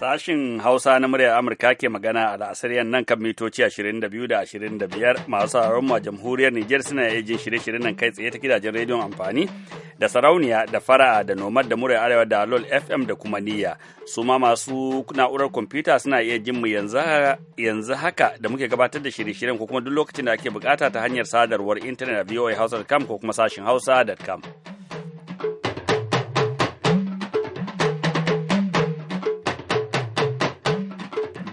Sashin Hausa na muryar Amurka ke magana a la'asariyar nan kan mitoci 22 da 25 masu sauraron ma jamhuriyar Nijar suna iya jin shirye-shiryen nan kai tsaye ta gidajen rediyon amfani da sarauniya da fara'a da nomad da muryar arewa da lol FM da kuma niyya. Su ma masu na'urar kwamfuta suna iya jin mu yanzu haka da muke gabatar da shirye-shiryen ko kuma duk lokacin da ake bukata ta hanyar sadarwar intanet a hausa.com ko kuma sashin hausa.com.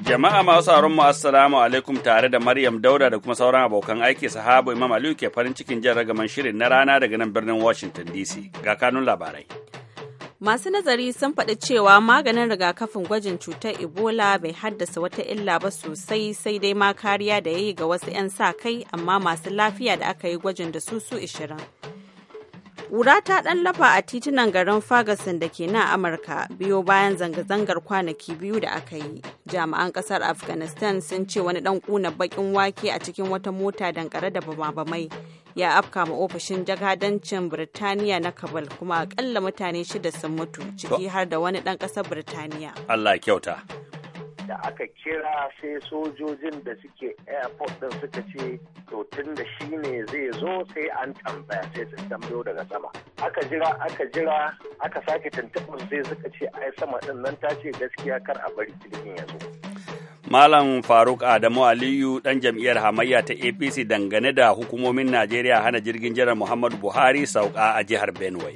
Jama'a masu sauraron mu assalamu alaikum tare da Maryam Dauda da kuma sauran abokan aiki sahabo Imam Aliyu ke farin cikin jan ragaman shirin na rana daga nan birnin Washington DC ga kanun labarai. Masu nazari sun faɗi cewa maganin rigakafin gwajin cutar Ebola bai haddasa wata illa ba sosai sai dai ma kariya da ya yi ga wasu 'yan sa kai amma masu lafiya da aka yi gwajin da su su 20. Ƙura ta ɗan lafa a titunan garin Ferguson da ke nan Amurka biyo bayan zanga-zangar kwanaki biyu da aka yi. Jami'an ƙasar Afghanistan sun ce wani ɗan ƙuna baƙin wake a cikin wata mota dankare da bama-bamai ya afka ma ofishin jagadancin Birtaniya na Kabul kuma akalla mutane shida sun mutu ciki har da wani ɗan ƙasar Birtaniya. Allah kyauta. da aka kira sai sojojin da suke airport din suka ce to tun da shi ne zai zo sai an tambaya sai su tambayo daga sama aka jira aka jira aka sake tuntuɓar sai suka ce ai sama din nan ta ce gaskiya kar a bari jirgin ya zo Malam Faruk Adamu Aliyu ɗan jam'iyyar hamayya ta APC dangane da hukumomin Najeriya hana jirgin jiran Muhammadu Buhari sauka a jihar Benue.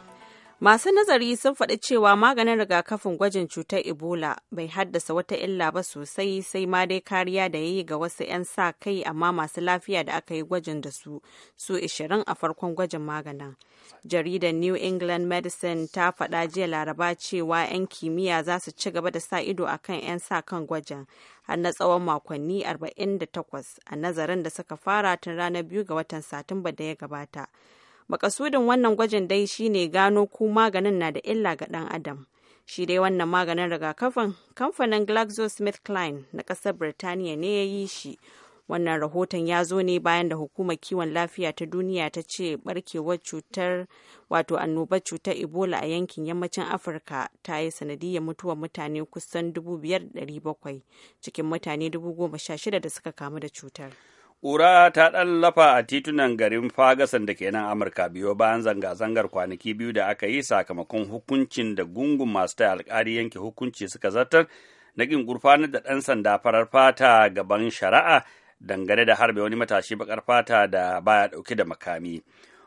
Masu nazari sun faɗi cewa maganin rigakafin gwajin cutar Ebola bai haddasa wata illa ba sosai sai ma dai kariya da yayi ga wasu 'yan sa kai amma masu lafiya da aka yi gwajin da su su 20 a farkon gwajin maganin. Jaridar New England Medicine ta faɗa jiya laraba cewa 'yan kimiyya za su ci gaba da sa ido a kan 'yan sa kan gwajin har na tsawon makonni 48 a nazarin da suka fara tun ranar biyu ga watan Satumba da ya gabata. Makasudin wannan gwajin dai shine gano ko maganin na da illa ga ɗan adam. Shi dai wannan maganin rigakafin kamfanin GlaxoSmithKline na ƙasar Birtaniya ne ya yi shi. Wannan rahoton ya zo ne bayan da hukumar kiwon lafiya ta duniya ta ce barkewar cutar wato annobar cutar Ebola a yankin yammacin Afirka ta yi sanadiyar mutuwar mutane kusan 5,700 cikin mutane 16,000 da suka kamu da cutar. Ƙura ta ɗallafa a titunan garin Fagasan da ke nan Amurka biyo bayan zanga-zangar kwanaki biyu da aka yi sakamakon hukuncin da gungun masu ta alƙari yanke hukunci suka zartar na ƙin gurfanar da ɗan sanda farar fata gaban shari'a dangane da harbe wani matashi baƙar fata da baya ɗauke da makami.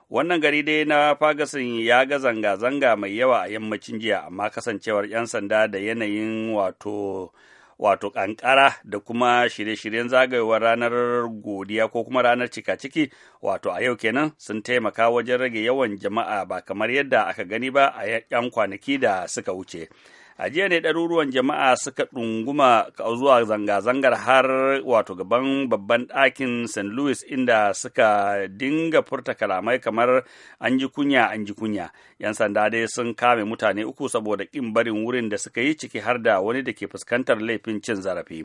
wannan gari dai na Fagasan ya ga zanga-zanga mai yawa a yammacin jiya amma kasancewar 'yan sanda da yanayin wato wato kankara da kuma shirye-shiryen zagayowar ranar godiya ko kuma ranar cika-ciki wato a yau kenan sun taimaka wajen rage yawan jama'a ba kamar yadda aka gani ba a yan kwanaki da suka wuce. a jiya ne ɗaruruwan jama'a suka ɗunguma zuwa zanga-zangar har wato gaban babban ɗakin st louis inda suka dinga furta kalamai kamar an ji kunya an ji kunya yan sanda dai sun kame mutane uku saboda ƙin barin wurin da suka yi ciki har da wani da ke fuskantar laifin cin zarafi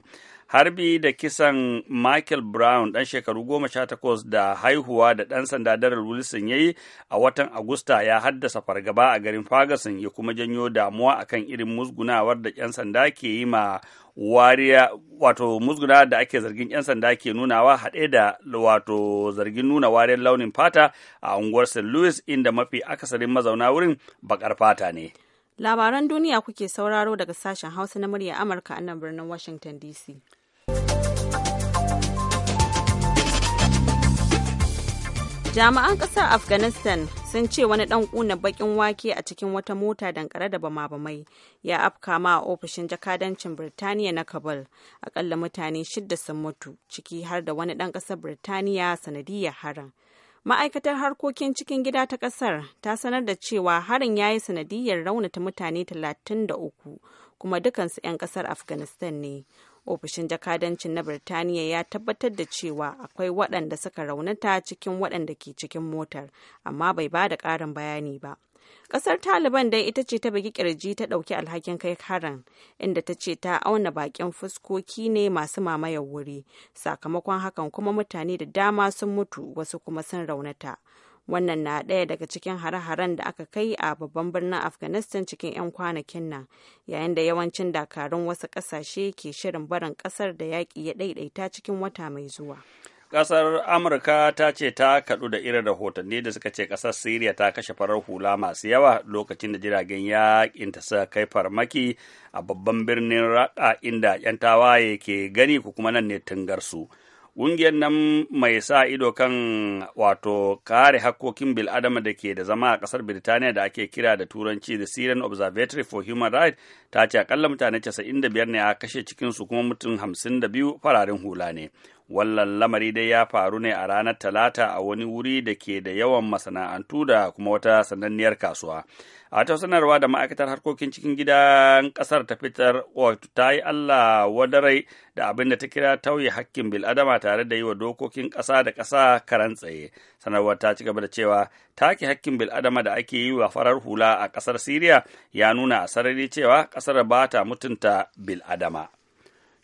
harbi da kisan michael brown ɗan shekaru goma sha takwas da haihuwa da ɗan sanda daryl wilson ya yi a watan agusta ya haddasa fargaba a garin ferguson ya kuma janyo damuwa akan irin musgunawar da 'yan sanda ke yi ma wariya wato musguna da ake zargin 'yan sanda ke nunawa haɗe da wato zargin nuna wariyar launin fata a unguwar st louis inda mafi akasarin mazauna wurin bakar fata ne labaran duniya kuke sauraro daga sashen hausa na murya amurka a nan birnin washington dc Jami'an ƙasar Afghanistan sun ce wani ɗan ƙuna baƙin wake a cikin wata mota dankare da bama-bamai ya afka ma a ofishin jakadancin Birtaniya na Kabul. Akalla mutane shidda sun mutu, ciki har da wani ɗan ƙasar Birtaniya sanadiyar harin. Ma'aikatar harkokin cikin gida ta ƙasar ta sanar da cewa harin ya yi sanadiyar raunata mutane talatin da uku kuma dukansu 'yan ƙasar Afghanistan ne. ofishin jakadancin na birtaniya ya tabbatar da cewa akwai waɗanda suka raunata cikin waɗanda ke cikin motar amma bai ba da ƙarin bayani ba ƙasar taliban dai ita ce ta bugi ƙirji ta ɗauki alhakin kai harin inda ta ce ta auna baƙin fuskoki ne masu mamayar wuri sakamakon hakan kuma mutane da dama sun mutu wasu kuma sun raunata wannan na ɗaya daga cikin hare-haren da aka kai a babban birnin afghanistan cikin 'yan kwanakin nan yayin da yawancin dakarun wasu ƙasashe ke shirin barin ƙasar da yaƙi ya ɗaiɗaita cikin wata mai zuwa ƙasar amurka ta ce ta kaɗu da irin rahotanni da suka ce ƙasar siriya ta kashe farar hula masu yawa lokacin da jiragen yaƙin ta suka kai farmaki a babban birnin raka inda 'yan tawaye ke gani ko kuma nan ne tungarsu su Ƙungiyar nan mai sa ido kan wato kare hakkokin bil'adama da ke da zama a ƙasar Birtaniya da ake kira da turanci the Syrian Observatory for Human Rights ta ce akalla mutane 95 ne a kashe cikinsu kuma mutum 52 fararen hula ne. Wallan lamari dai ya faru ne a ranar Talata a wani wuri da ke da yawan masana'antu da kuma wata sananniyar kasuwa. a ta sanarwa da ma'aikatar harkokin cikin gidan kasar ta fitar wato ta yi Allah wadarai da abin da ta kira tauye hakkin bil'adama tare da yi wa dokokin ƙasa da ƙasa karan tsaye sanarwar ta ci gaba da cewa take hakkin bil'adama da ake yi wa farar hula a ƙasar siriya ya nuna a sarari cewa ƙasar ba ta mutunta bil'adama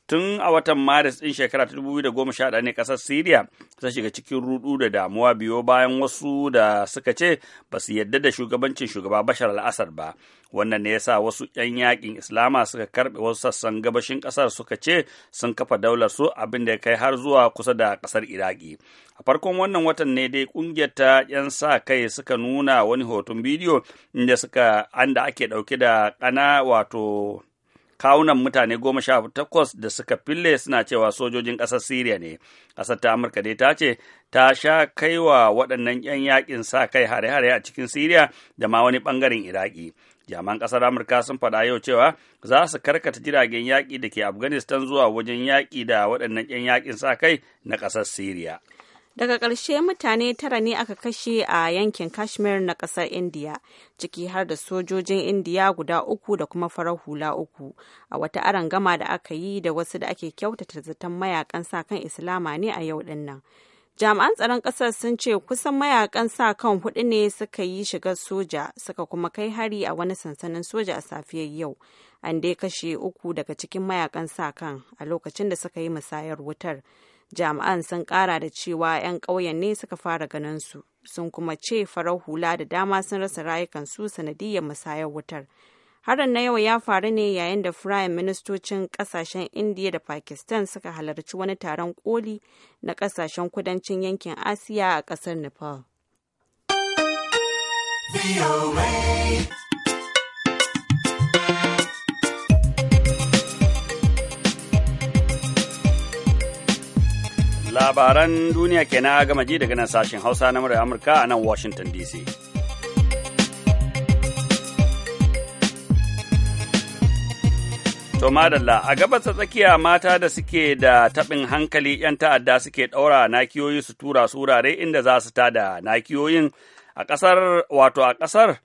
tun a watan maris ɗin shekara ta 2011 ne ƙasar siriya ta shiga cikin rudu da damuwa biyo bayan wasu da suka ce ba su yadda da shugabancin shugaba bashar al ba wannan ne yasa wasu 'yan yakin islama suka karbe wasu sassan gabashin ƙasar suka ce sun kafa daular su abin da ya kai har zuwa kusa da ƙasar iraki a farkon wannan watan ne dai ƙungiyar ta 'yan sa kai suka nuna wani hoton bidiyo inda suka da ake ɗauke da ƙana wato kawunan mutane goma sha takwas da suka fille suna cewa sojojin ƙasar Siriya ne. Ƙasar ta Amurka dai ta ce ta sha kaiwa waɗannan 'yan yaƙin sa kai hare-hare a cikin Siriya da ma wani ɓangaren Iraki. Jaman ƙasar Amurka sun faɗa yau cewa za su karkata jiragen yaƙi da ke Afghanistan zuwa wajen yaƙi da waɗannan 'yan yaƙin sa kai na ƙasar Siriya. daga ƙarshe mutane tara ne aka kashe a yankin kashmir na ƙasar indiya ciki har da sojojin indiya guda uku da kuma farar hula uku a wata arangama da aka yi da wasu da ake kyautata zaton mayakan sa kan islama ne a yau din nan jami'an tsaron ƙasar sun ce kusan mayakan sa kan hudu ne suka yi shigar soja suka kuma kai hari a wani sansanin soja a safiyar yau an dai kashe uku daga cikin mayakan sa kan a lokacin da suka yi musayar wutar jami'an sun kara da cewa 'yan ƙauyen ne suka fara ganin su sun kuma ce farar hula da dama sun rasa rayukansu sanadiyar musayar wutar harin na yau ya faru ne yayin da firayim ministocin kasashen indiya da pakistan suka halarci wani taron koli na kasashen kudancin yankin asiya a kasar nepal Labaran duniya Kena gama ji daga nan sashen Hausa na murar Amurka a nan Washington DC. To madalla a gabas tsakiya mata da suke da taɓin hankali 'yan ta'adda suke ɗaura nakiyoyi su tura su wurare inda za su tada nakiyoyin a ƙasar wato a ƙasar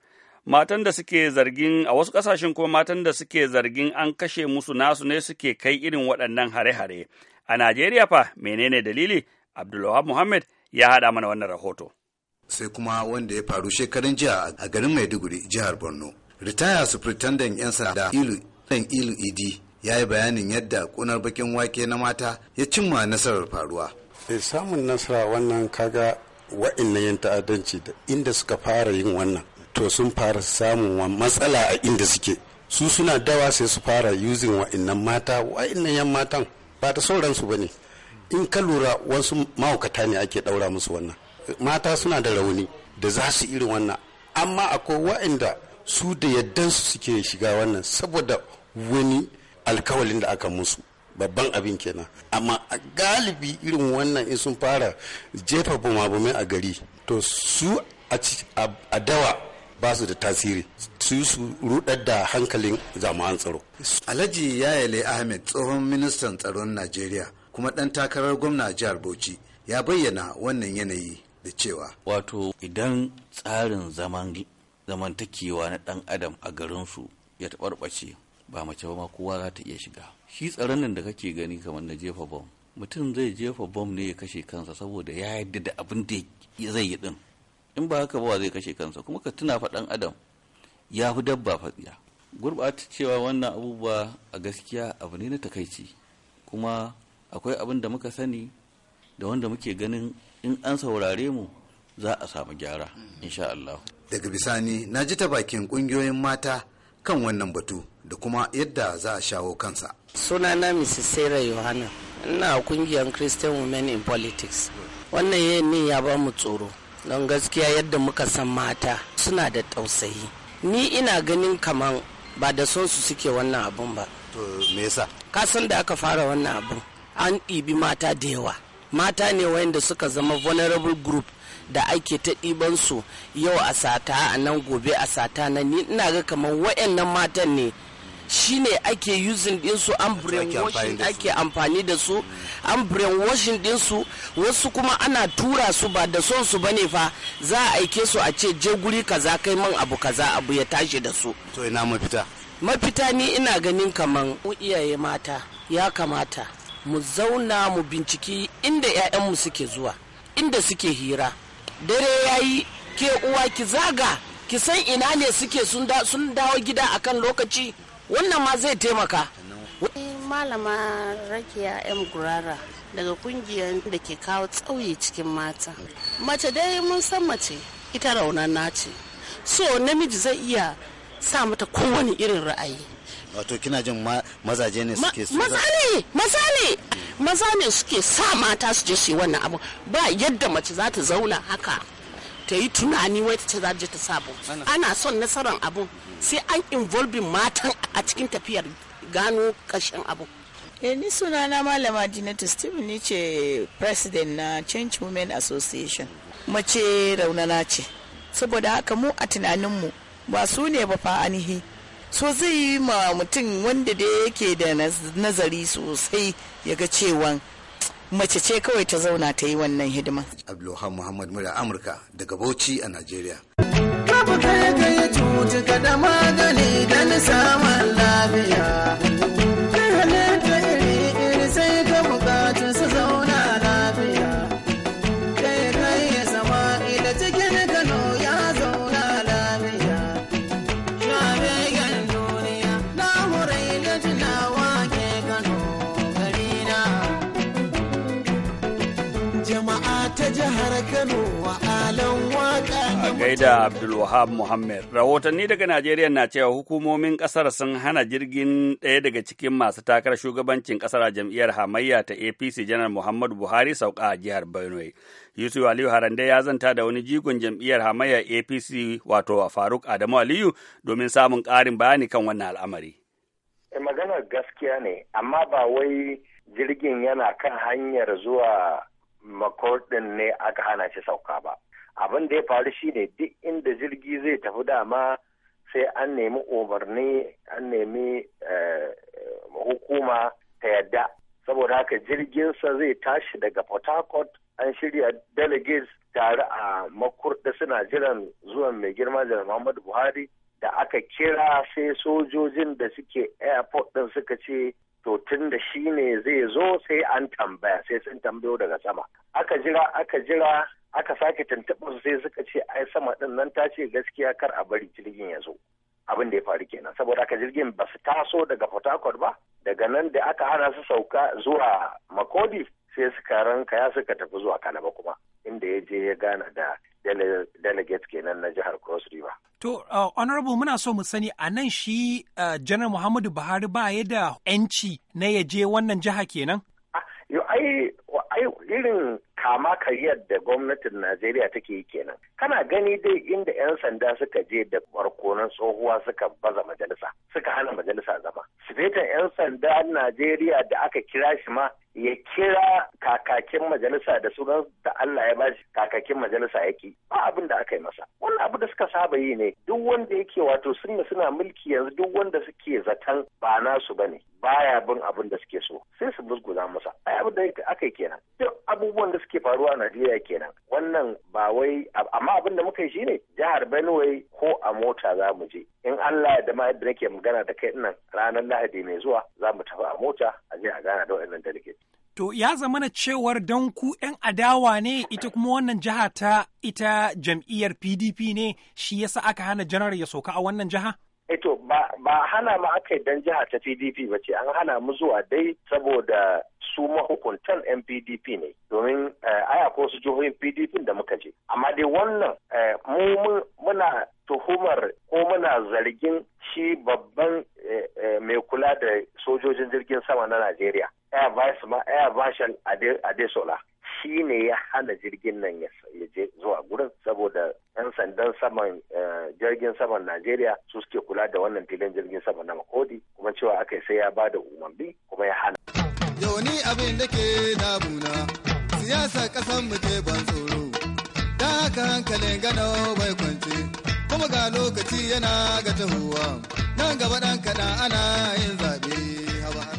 matan da suke zargin a wasu ƙasashen kuma matan da suke zargin an kashe musu nasu ne suke kai irin waɗannan hare-hare A Najeriya fa menene dalili? Abdulwahab Muhammad ya haɗa mana wannan rahoto. Sai kuma wanda ya faru shekarun jiya a garin Maiduguri, jihar Borno. Ritaya Superintendent 'yan da Ilu Ilu Idi ya yi bayanin yadda kunar bakin wake na mata ya cimma nasarar faruwa. Eh, samun nasara wannan kaga wa'innan yin ta'addanci da inda suka fara yin wannan to sun fara samun wa matsala a inda suke su suna dawa sai su fara using wa'innan mata wa'innan yan matan ba ta sauran su ba ne in ka lura wasu mahaukata ne ake ɗaura musu wannan mata suna da rauni da za su irin wannan amma akwai wa'inda su da su suke shiga wannan saboda wani alkawalin da aka musu babban abin kenan amma a galibi irin wannan in sun fara jefa bumabumai a gari to su a dawa ba su da tasiri su su rudar da hankalin jami'an tsaro. Alhaji Yayale Ahmed tsohon ministan tsaron Najeriya kuma ɗan takarar gwamna jihar Bauchi ya bayyana wannan yanayi da cewa. Wato idan tsarin zaman zamantakewa na ɗan adam a garinsu ya taɓarɓace ba mace ba ma kowa za ta iya shiga. Shi tsaron nan da kake gani kamar na jefa bom mutum zai jefa bom ne ya kashe kansa saboda ya yadda da abin da zai yi din in ba haka ba zai kashe kansa kuma ka tuna faɗan adam ya fi dabba fatsiya gurɓata cewa wannan abubuwa a gaskiya abu ne na takaici kuma akwai abin da muka sani da wanda muke ganin in an saurare mu za a samu gyara insha Allah. daga bisani na ji ta bakin ƙungiyoyin mata kan wannan batu da kuma yadda za a shawo kansa sunana mrs sarah yohana ina kungiyar christian women in politics wannan yayin ne ya ba mu tsoro don gaskiya yadda muka san mata suna da tausayi ni ina ganin kaman ba da son su suke wannan abun ba to me yasa ka san da aka fara wannan abun an ɗibi mata da yawa mata ne wayanda suka zama vulnerable group da ake ta ɗiban su yau a sata a nan gobe a sata na ni ina ga kamar wayannan matan ne shine ake using dinsu an brainwashing ake amfani da su an brainwashing dinsu wasu kuma ana tura su ba da son su bane fa za a aike su a ce je guri kaza kai man abu kaza abu ya tashi da su to ina mafita mafita ni ina ganin kaman iyaye mata ya kamata mu zauna mu binciki inda 'ya'yanmu suke zuwa inda suke hira dare ya yi ke uwa ki zaga ki san ina ne suke sun dawo gida akan lokaci wannan ma zai taimaka eh, malama rakiya m gurara daga kungiyar da ke kawo tsauye cikin mata mace dai mun san mace ita raunana ce so namiji zai iya sa mata kowane irin ra'ayi wato kina jin mazaje ne suke su maza ne maza ne maza ne suke sa mata su je su wannan abu ba yadda mace za ta zauna haka ta yi tunani wai ta ce za ta je ta sabo ana son nasarar abu. sai an involving matan a cikin tafiyar gano kashin abu e, ni sunana malama Jinatu Steven ni ce president na Change Women Association mace raunana ce saboda haka mu a tunaninmu ba su ne ba fa anihi so zai yi ma mutum wanda da yake da nazari sosai ya ga cewa mace ce kawai ta zauna ta yi wannan hidima. Abdullahi Muhammad Mura Amurka daga Bauchi a Najeriya. mutu da magani don samun lafiya Saida Abdulwahab Muhammad. Rahotanni daga Najeriya na cewa hukumomin kasar sun hana jirgin ɗaya daga cikin masu takarar shugabancin kasar a jam'iyyar hamayya ta APC janar Muhammadu Buhari sauka a jihar Benue. Yusuf Aliyu Harande ya zanta da wani jigon jam'iyyar hamayya APC wato Faruk Adamu Aliyu domin samun ƙarin bayani kan wannan al'amari. Eh, Maganar gaskiya ne, amma ba wai jirgin yana kan hanyar zuwa makordin ne aka hana shi sauka ba. abin da ya faru shine duk inda jirgi zai tafi dama sai an nemi umarni an nemi eh, hukuma ta yadda saboda haka jirginsa zai tashi daga port harcourt an shirya delegates tare a makurda suna jiran zuwan mai girma da muhammadu buhari da aka kira sai sojojin da suke airport din suka ce to tun da shi ne zai zo sai an tambaya sai sun tambayo daga sama aka jira aka jira aka sake su sai suka ce ai sama ɗin nan ta ce gaskiya kar a bari jirgin ya zo abin da ya faru kenan saboda aka jirgin ba su taso daga port ba daga nan da aka hana su sauka zuwa makodi sai suka ranka ya suka tafi zuwa kalaba kuma inda ya je ya gana da delegate kenan na jihar cross river to uh, honorable muna so mu sani a nan shi janar uh, muhammadu buhari ba ya da yanci na ya je wannan jiha kenan ah, ai irin amma kariyar da gwamnatin Najeriya take yi kenan. Kana gani dai inda 'yan sanda suka je da barkonan tsohuwa suka baza majalisa, suka hana majalisa zama. sufetan 'yan sanda Najeriya da aka kira shi ma ya kira kakakin majalisa da sunan da Allah ya bashi kakakin majalisa yake ba abin da aka yi masa wannan abu da suka saba yi ne duk wanda yake wato sun suna mulki yanzu duk wanda suke zaton ba nasu bane baya bin abin da suke so sai su musguna masa ai abin da aka yi kenan duk abubuwan da suke faruwa a Najeriya kenan wannan ba wai amma abin da muka yi shine jihar Benue ko a mota za mu je in Allah da ma yadda nake magana da kai nan ranar Lahadi mai zuwa za mu tafi a mota a je a gana da waɗannan delegate. To ya zamana cewar don ku 'yan adawa ne ita kuma wannan jiha ta ita jam'iyyar PDP ne shi yasa aka hana janar ya sauka a wannan jiha? Eto eh ba, ba hana ma aka yi don jiha ta PDP ba ce an hana mu zuwa dai saboda su mahukuntan 'yan PDP ne domin aya ko su jihohin PDP da muka je. Amma dai wannan eh, mu muna tuhumar ko muna zargin shi babban eh, eh, mai kula da sojojin jirgin sama na Najeriya, Air Vice ma Air Marshal Adesola. Shi ne ya hana jirgin nan ya je zuwa gurin saboda 'yan sandan saman eh, jirgin saman Najeriya su suke kula da wannan filin jirgin sama na Makodi kuma cewa aka sai ya ba da umarni kuma ya hana. ni abin da ke damuna siyasa kasan mu ke ban tsoro, da haka hankalin gano bai kwance. kuma ga lokaci yana ga tahuwa nan gaba dan kaɗan ana yin zaɓe.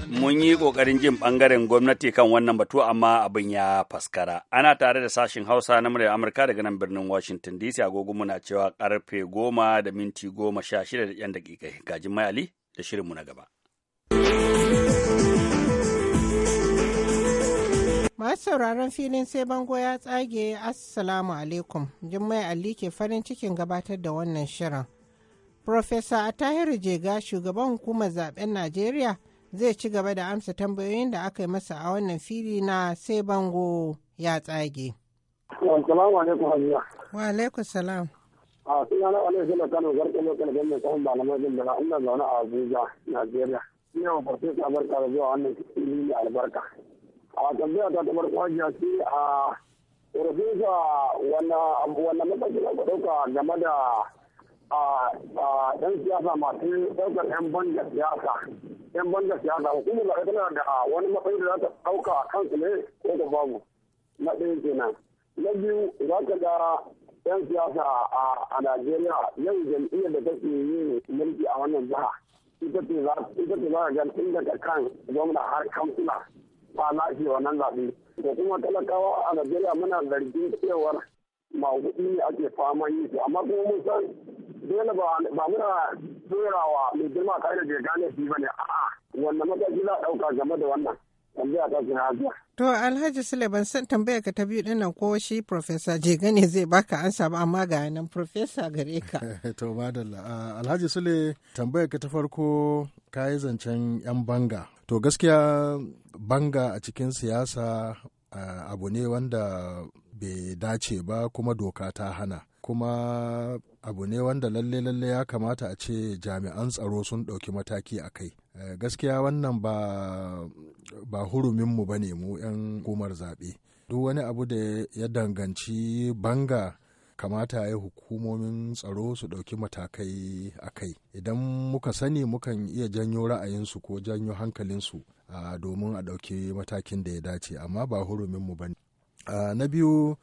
Mun yi ƙoƙarin jin ɓangaren gwamnati kan wannan batu amma abin ya faskara. Ana tare da sashin Hausa na muryar Amurka daga nan birnin Washington DC agogo muna cewa karfe goma da minti goma sha shida da yan dakika Gajin Mai Ali da shirinmu na gaba. Masu sauraron filin sai bango ya tsage Assalamu alaikum. Jummai Ali ke farin cikin gabatar da wannan shirin. Profesa Atahiru Jega shugaban hukumar zaben Najeriya zai ci gaba da amsa tambayoyin da aka yi masa a wannan fili na sai bango ya tsage. Wa alaikum salam. A wani shi Kano garke lokal gwamnan tsohon malamai jin da zaune a Abuja, Najeriya. Ina wa farfesa barka da zuwa wannan fili albarka. a tambaya ta tabar kwajiya ce a rufesa wanda mataki za ɗauka game da ɗan siyasa masu ɗaukar 'yan banda siyasa yan banda siyasa hukumar da tana da wani matsayi da za ta ɗauka a kansu ne ko ta babu na ɗaya kenan na biyu za ka ga 'yan siyasa a Najeriya yau jam'iyyar da take yin mulki a wannan jiha ita ce za ka ga tun daga kan gwamna har kansula ba lashe wannan zaɓe ko kuma talakawa a najeriya muna zargin cewar maguɗi ne ake fama yi amma kuma mun san dole ba muna turawa mai girma kai da gane shi bane a wanda mataki za a ɗauka game da wannan tambaya ta su hajiya. To Alhaji Sule ban san tambaya ka ta biyu dinnan ko shi Profesa Jegane ne zai baka ansa ba amma ga nan Profesa gare ka. to madalla ah, Alhaji Sule tambayar ka ta farko ka yi zancen 'yan banga to gaskiya banga a cikin siyasa abu ne wanda bai dace ba kuma doka ta hana kuma abu ne wanda lalle lalle ya kamata a ce jami'an tsaro sun ɗauki mataki a kai eh, gaskiya wannan ba ba huruminmu ba ne mu 'yan hukumar zaɓe duk wani abu da ya danganci banga kamata ya hukumomin tsaro su ɗauki matakai a kai idan muka sani mukan iya janyo ra'ayinsu ko janyo hankalinsu domin a ɗauki matakin da ya dace amma ba mu ba ne na biyu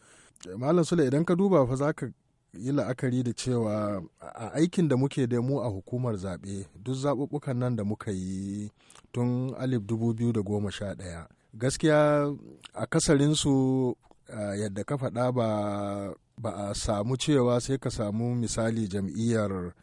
malam sule idan ka duba fa za ka yi la'akari da cewa a aikin da muke da mu a hukumar zaɓe duk zaɓuɓɓukan nan da muka yi tun 2011 gaskiya a akasarinsu Eh, yadda ka faɗa ba a samu cewa sai ka samu misali jam'iyyar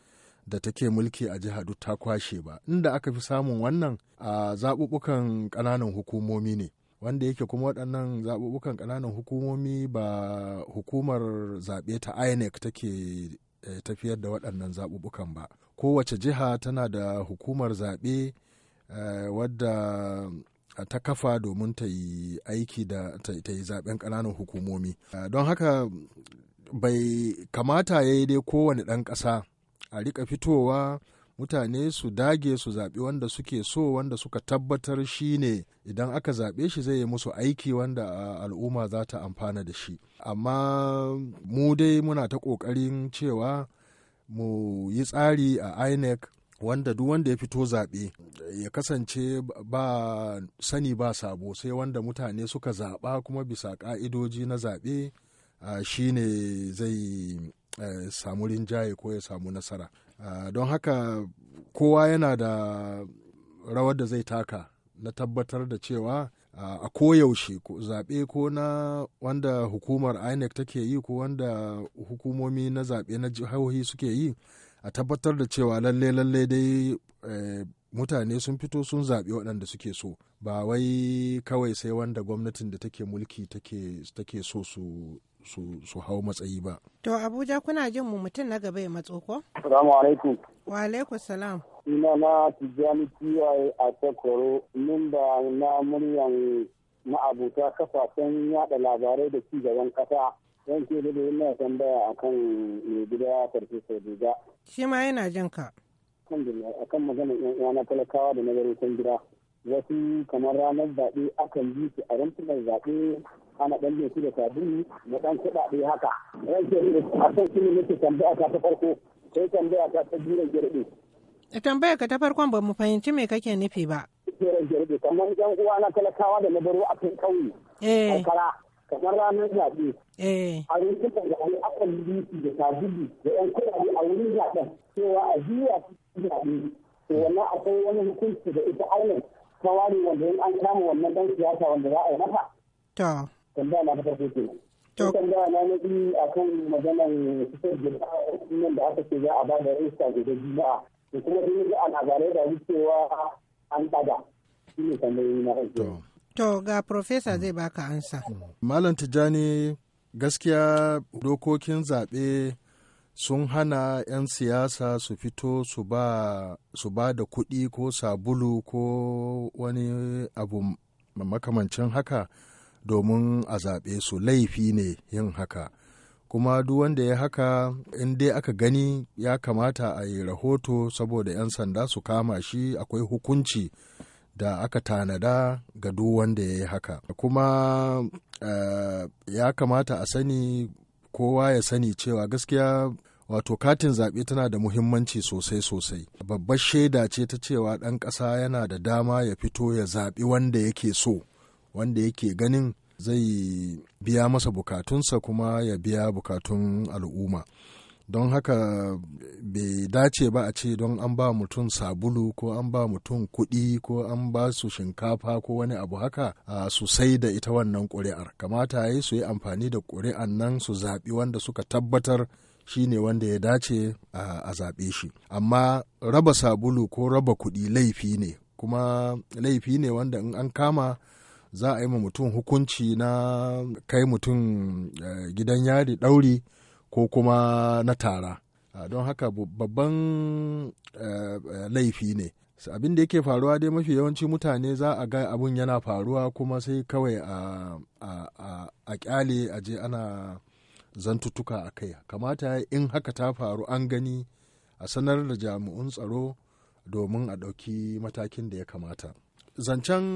da take mulki a jiha duk ta kwashe ba inda aka fi samun wannan a zaɓuɓɓukan ƙananan hukumomi ne wanda yake kuma waɗannan zaɓuɓɓukan ƙananan hukumomi ba hukumar zaɓe ta inec take eh, tafiyar da waɗannan zaɓuɓɓukan ba kowace jiha tana da hukumar zaɓe eh, wadda ta kafa domin ta yi aiki da ta yi zaben ƙananan hukumomi ah, don haka bai kamata ya yi dai kowane ɗan ƙasa a rika fitowa mutane su dage su zaɓi wanda suke so wanda suka tabbatar shi ne idan aka zaɓe shi zai yi musu aiki wanda al'umma za ta amfana da shi amma mu dai muna ta ƙoƙarin cewa mu yi tsari a inec wanda duk wanda ya fito zaɓe ya kasance ba sani ba sabo sai wanda mutane suka zaɓa kuma bisa ƙa'idoji na zaɓe shi ne zai eh, samu rinjaye ko ya samu nasara don haka kowa yana da rawar da zai taka na tabbatar da cewa a koyaushe zaɓe ko na wanda hukumar inec take yi ko wanda hukumomi na zaɓe na jihohi suke yi a tabbatar da cewa lalle lalle dai eh, mutane sun fito sun zaɓi waɗanda suke so ba wai kawai sai wanda gwamnatin da take mulki take so su su, su hau matsayi ba. To Abuja kuna jin mu mutum na gaba ya matso ko? Assalamu alaikum. Wa alaikum salam. Ina na Tijjani Kiyaye a Takoro, da na muryan ma'abuta kafafen yada labarai da ci gaban kasa. Yan ke da ina tambaya akan mai gida farfesa Duga. Shi ma yana jin ka. A akan magana yan uwa talakawa da na kan gida. Wasu kamar ranar zaɓe akan yi su a rumfunan zaɓe ana ɗan su da sabulu na ɗan kuɗaɗe haka. Zan da a kan kini ne nake tambaya ta ta farko sai tambaya ta ta biyu girɗi. Eh, tambaya ka ta farkon ba mu fahimci me kake nufi ba. Jiran girɗi kamar yan uwa na talakawa da na a kan ƙauye. Eh. kamar ranar zaɓe. Eh. A yankin da zaɓe wani akan liki da tabibi da ‘yan kudade a wurin zaɓen cewa a juya su zaɓe. To wannan akwai wani hukunci da ita aunan ta ware wanda an kama wannan ɗan siyasa wanda za a yi mata. To. Tambaya na fitar ko kenan. To. Tambaya na na a kan maganar fitar da ta'a da aka ce za a ba da rista da juma'a. Da kuma duk da a labarai da wucewa an ɗaga. Shi ne tambayoyi na rage. To ga Profesa zai baka ansa. Malam Tijjani gaskiya dokokin zaɓe sun hana 'yan siyasa su fito su ba da kuɗi ko sabulu ko wani abu makamancin haka domin a zaɓe su laifi ne yin haka. kuma duk wanda ya haka in dai aka gani ya kamata a yi rahoto saboda 'yan sanda su kama shi akwai hukunci da aka tanada ga duk wanda ya yi haka kuma uh, ya kamata a sani kowa ya sani cewa gaskiya wato katin zaɓe tana da muhimmanci sosai sosai babbar shaida ce ta cewa ɗan ƙasa yana da dama ya fito ya zaɓi wanda yake so wanda yake ganin zai biya masa bukatunsa kuma ya biya bukatun al'umma don haka bai dace ba a ce don an ba mutum sabulu ko an ba mutum kuɗi ko an ba su shinkafa ko wani abu haka su sai da ita wannan ƙuri'ar kamata yi su yi amfani da ƙuri'ar nan su zaɓi wanda suka tabbatar shi ne wanda ya dace a zaɓe shi amma raba sabulu ko raba kuɗi laifi ne kuma laifi ne wanda in an kama za a yi ma mutum hukunci na kai mutum eh, gidan yari ɗauri ko kuma na tara ah, don haka babban eh, eh, laifi ne abin da yake faruwa dai mafi yawanci mutane za a ga abun yana faruwa kuma sai kawai a kyale a je ana zantutuka a kai kamata in haka ta faru an gani a sanar da jami'un tsaro domin a ɗauki matakin da ya kamata zancen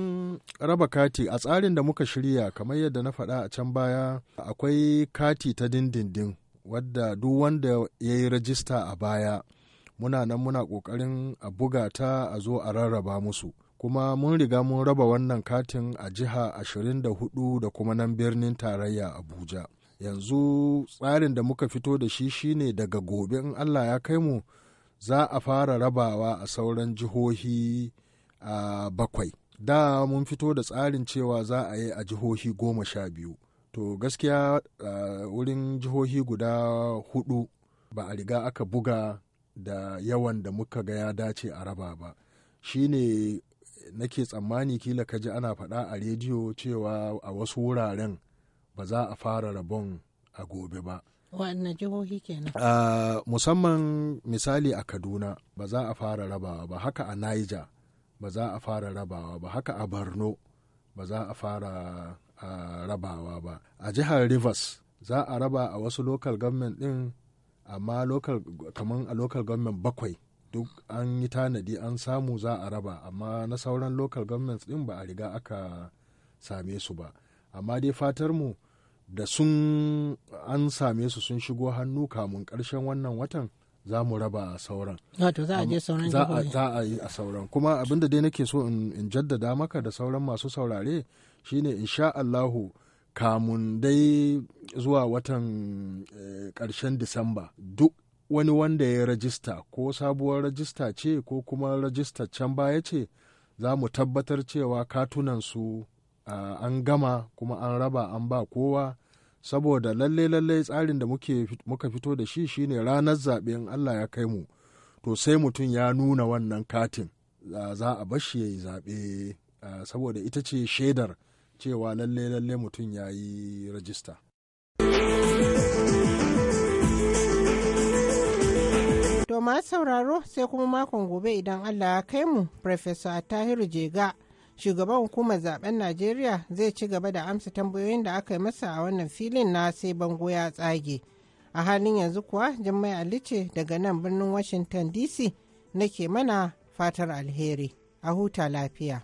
raba kati a tsarin da muka shirya kamar yadda na faɗa a can baya akwai kati ta dindindin wadda duk wanda ya yi rajista a baya muna nan muna ƙoƙarin a buga ta a zo a rarraba musu kuma mun riga mun raba wannan katin a jiha 24 da kuma nan birnin tarayya abuja yanzu tsarin da muka fito da shi shine daga gobe in allah ya kai mu za a fara rabawa a sauran jihohi a bakwai da mun fito da tsarin cewa za a yi a jihohi goma sha biyu to gaskiya wurin jihohi guda hudu ba a riga aka buga da yawan da muka ga ya dace a raba ba Shi shine nake tsammani kila kaji ana faɗa a rediyo cewa a wasu wuraren ba za a fara rabon a gobe ba wa'annan jihohi kenan uh, musamman misali a kaduna ba za a fara rabawa ba haka a niger ba za a fara rabawa ba haka a borno ba za a fara a rabawa ba a jihar rivers za a raba a wasu local government din amma kaman a local government bakwai duk an yi tanadi an samu za a raba amma na sauran local governments din ba a riga aka same su ba amma dai fatar mu da sun an same su sun shigo hannu kamun ƙarshen wannan watan za mu raba sauran wato za a je sauran za a yi a sauran kuma abinda dai nake so in jaddada maka da sauran masu saurare shine sha Allahu kamun dai zuwa watan eh, ƙarshen Disamba duk wani wanda ya rajista ko sabuwar rajista ce ko kuma rajista can baya ce za mu tabbatar cewa katunan su ah, an gama kuma an raba an ba kowa saboda lalle lalle tsarin da muka fito da shi shine ranar zaɓe in Allah ya kai mu to sai mutum ya nuna wannan katin za a bashi ya yi zaɓe saboda ita ce shaidar cewa lalle lalle mutum ya yi rajista. To ma sauraro sai kuma makon gobe idan Allah ya kai mu, Professor Tahiru Jega. shugaban hukumar zaben najeriya zai ci gaba da amsa tambayoyin da aka yi masa a wannan filin na sai bango ya tsage a halin yanzu kuwa Jummai ali ce daga nan birnin washington dc nake mana fatar alheri a huta lafiya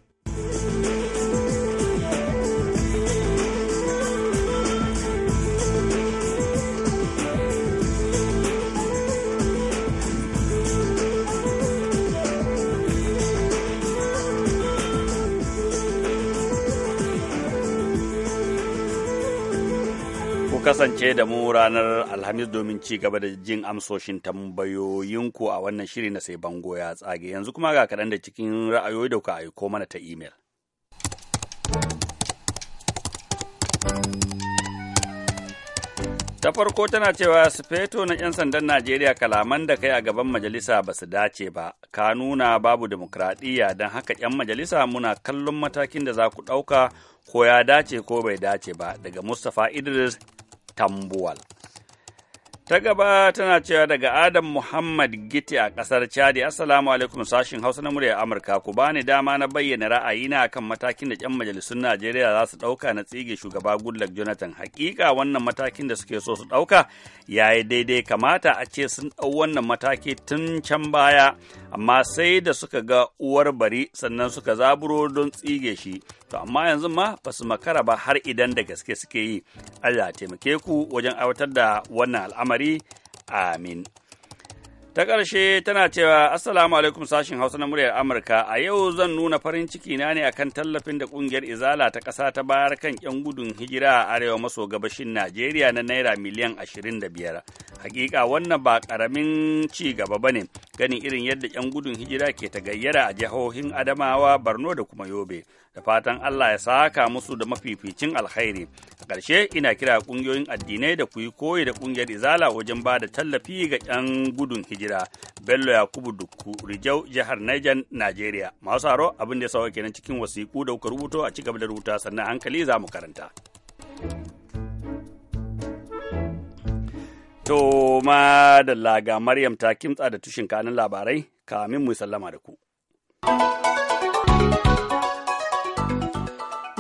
kasance da mu ranar Alhamis domin ci gaba da jin amsoshin tambayoyinku a wannan shiri na sai bango ya tsage. Yanzu kuma ga kaɗan da cikin ra'ayoyi da kuka aiko mana ta imel. ta farko tana cewa sufeto na 'yan sandan najeriya kalaman da kai a gaban majalisa ba su dace ba ka nuna babu demokradiyya don haka 'yan majalisa muna kallon matakin da za ku ɗauka ko ya dace ko bai dace ba daga mustapha idris Tambuwal. Ta gaba tana cewa daga Adam Muhammad Giti a ƙasar Chadi, Assalamu alaikum sashin Hausa na muryar Amurka, ku bani dama na bayyana ra'ayina kan matakin da 'yan majalisun Najeriya za su ɗauka na tsige shugaba Goodluck Jonathan. Hakika wannan matakin da suke so su ɗauka ya yi daidai kamata a ce sun ɗau wannan mataki tun can baya, amma sai da suka ga uwar bari sannan suka zaburo don tsige shi. to amma yanzu ma ba su makara ba har idan da gaske suke yi allah taimake ku wajen aiwatar da wannan al'amari amin ta ƙarshe tana cewa assalamu alaikum sashin hausa na muryar amurka a yau zan nuna farin ciki na ne akan tallafin da ƙungiyar izala ta ƙasa ta bayar kan 'yan gudun hijira a arewa maso gabashin najeriya na naira miliyan 25 hakika wannan ba ƙaramin ci gaba ba ne ganin irin yadda 'yan gudun hijira ke ta gayyara a jihohin Adamawa, barno da kuma Yobe. Da fatan Allah ya saka musu da mafificin alkhairi. A ƙarshe ina kira ƙungiyoyin addinai da ku yi koyi da ƙungiyar Izala wajen ba da tallafi ga 'yan gudun hijira. Bello Yakubu Dukku, Rijau, Jihar Niger, Najeriya. Masu haro abin da ya sawa kenan cikin wasiƙu da kuka rubuto a ci gaba da rubuta sannan hankali za mu karanta. To ma da laga Maryam ta kimtsa da tushen kanin labarai kamin mu sallama da ku.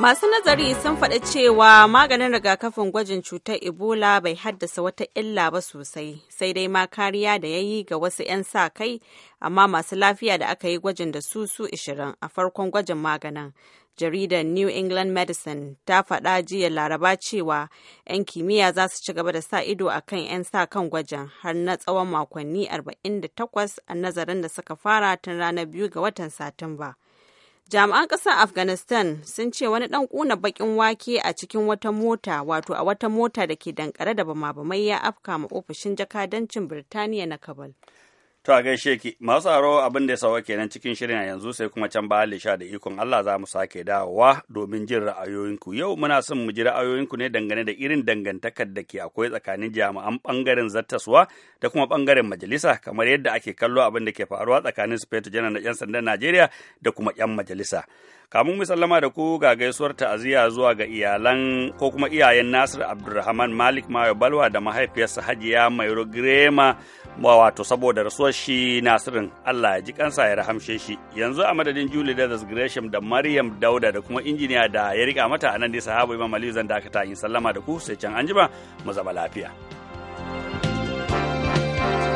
Masu nazari sun faɗi cewa maganin rigakafin gwajin cutar Ebola bai haddasa wata illa ba sosai, sai dai ma kariya da ya yi ga wasu 'yan sa kai, amma masu lafiya da aka yi gwajin da su su 20 a farkon gwajin maganin jaridar new england medicine ta faɗa jiya laraba cewa 'yan kimiyya za su ci gaba da sa ido a kan 'yan sa kan gwajin har na tsawon makonni 48 a nazarin da suka fara tun ranar biyu ga watan satumba jami'an ƙasar afghanistan sun ce wani ɗan ƙuna baƙin wake a cikin wata mota wato a wata mota da ke dankare da bama-bamai ya afka ma ofishin jakadancin birtaniya na kabul. To a gaishe ki masu aro abin da ya sawa kenan cikin shirin a yanzu sai kuma can ba lisha da ikon Allah za mu sake dawowa domin jin ra'ayoyinku. Yau muna son mu ji ra'ayoyinku ne dangane da irin dangantakar da ke akwai tsakanin jami'an bangaren zattaswa da kuma bangaren majalisa kamar yadda ake kallo abin da ke faruwa tsakanin sufeto janar da 'yan sandan Najeriya da kuma 'yan majalisa. kamun mu sallama da ku ga gaisuwar ta'aziyya zuwa ga iyalan ko kuma iyayen Nasir Abdulrahman Malik Mayo Balwa da mahaifiyarsa Hajiya Mairo Grema wato saboda rasuwar shi Nasirin Allah ya ji kansa ya rahamshe shi yanzu a madadin Julie Dadas Gresham da Maryam Dauda da kuma injiniya da ya rika mata a nan dai sahabu Imam Aliyu zan dakata in sallama da ku sai can anjima mu zama lafiya. thank you